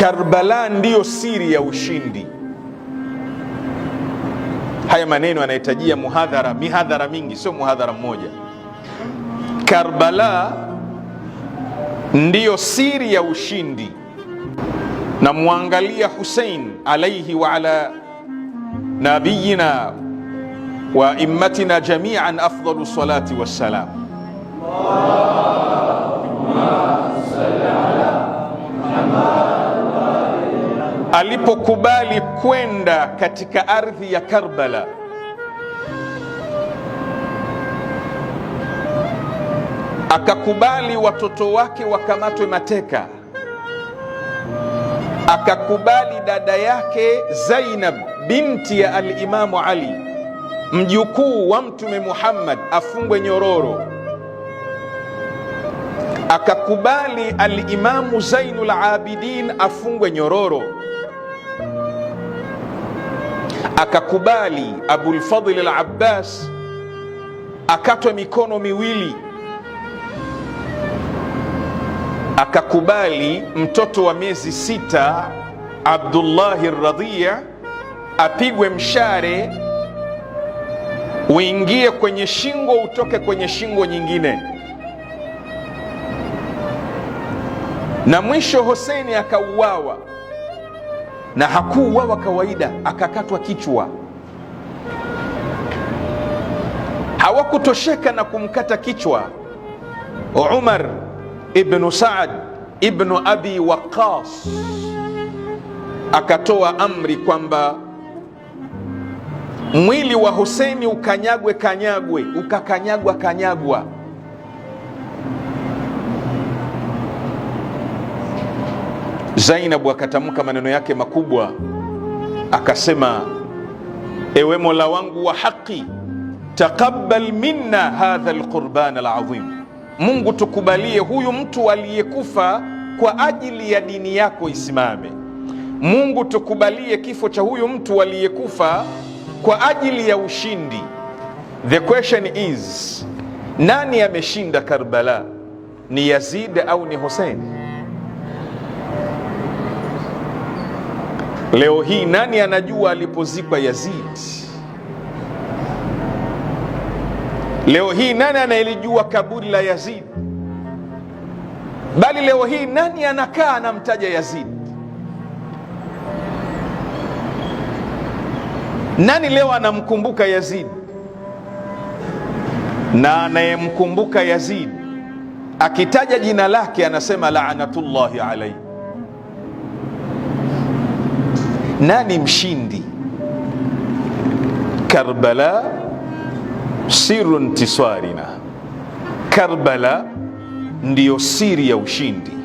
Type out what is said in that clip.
Karbala ndiyo siri ya ushindi. Haya maneno yanahitajia muhadhara, mihadhara mingi, sio muhadhara mmoja. Karbala ndiyo siri ya ushindi. Na Husein alaihi wa ala nabiyina wa immatina jamian afdalu salati wassalam alipokubali kwenda katika ardhi ya Karbala, akakubali watoto wake wakamatwe mateka, akakubali dada yake Zainab binti ya Alimamu Ali mjukuu wa Mtume Muhammad afungwe nyororo, akakubali Alimamu Zainul Abidin afungwe nyororo akakubali Abulfadhli al-Abbas akatwe mikono miwili, akakubali mtoto wa miezi sita Abdullahi Radhia apigwe mshare uingie kwenye shingo utoke kwenye shingo nyingine, na mwisho hoseni akauawa na wa kawaida akakatwa kichwa. Hawakutosheka na kumkata kichwa Umar ibnu Saad ibnu Abi Waqas, akatoa amri kwamba mwili wa Huseini ukanyagwe kanyagwe, ukakanyagwa kanyagwa Zainabu akatamka maneno yake makubwa akasema, ewe Mola wangu wa haki, takabbal minna hadha alqurban alazim, Mungu tukubalie huyu mtu aliyekufa kwa ajili ya dini yako isimame. Mungu tukubalie kifo cha huyu mtu aliyekufa kwa ajili ya ushindi. The question is, nani ameshinda Karbala? Ni Yazid au ni Hussein? Leo hii nani anajua alipozikwa Yazid? Leo hii nani anayelijua kaburi la Yazid? Bali leo hii nani anakaa anamtaja Yazid? Nani leo anamkumbuka Yazid? Na anayemkumbuka Yazid akitaja jina lake anasema laanatullahi alaihi Nani mshindi Karbala? Siru ntiswarina, Karbala ndiyo siri ya ushindi.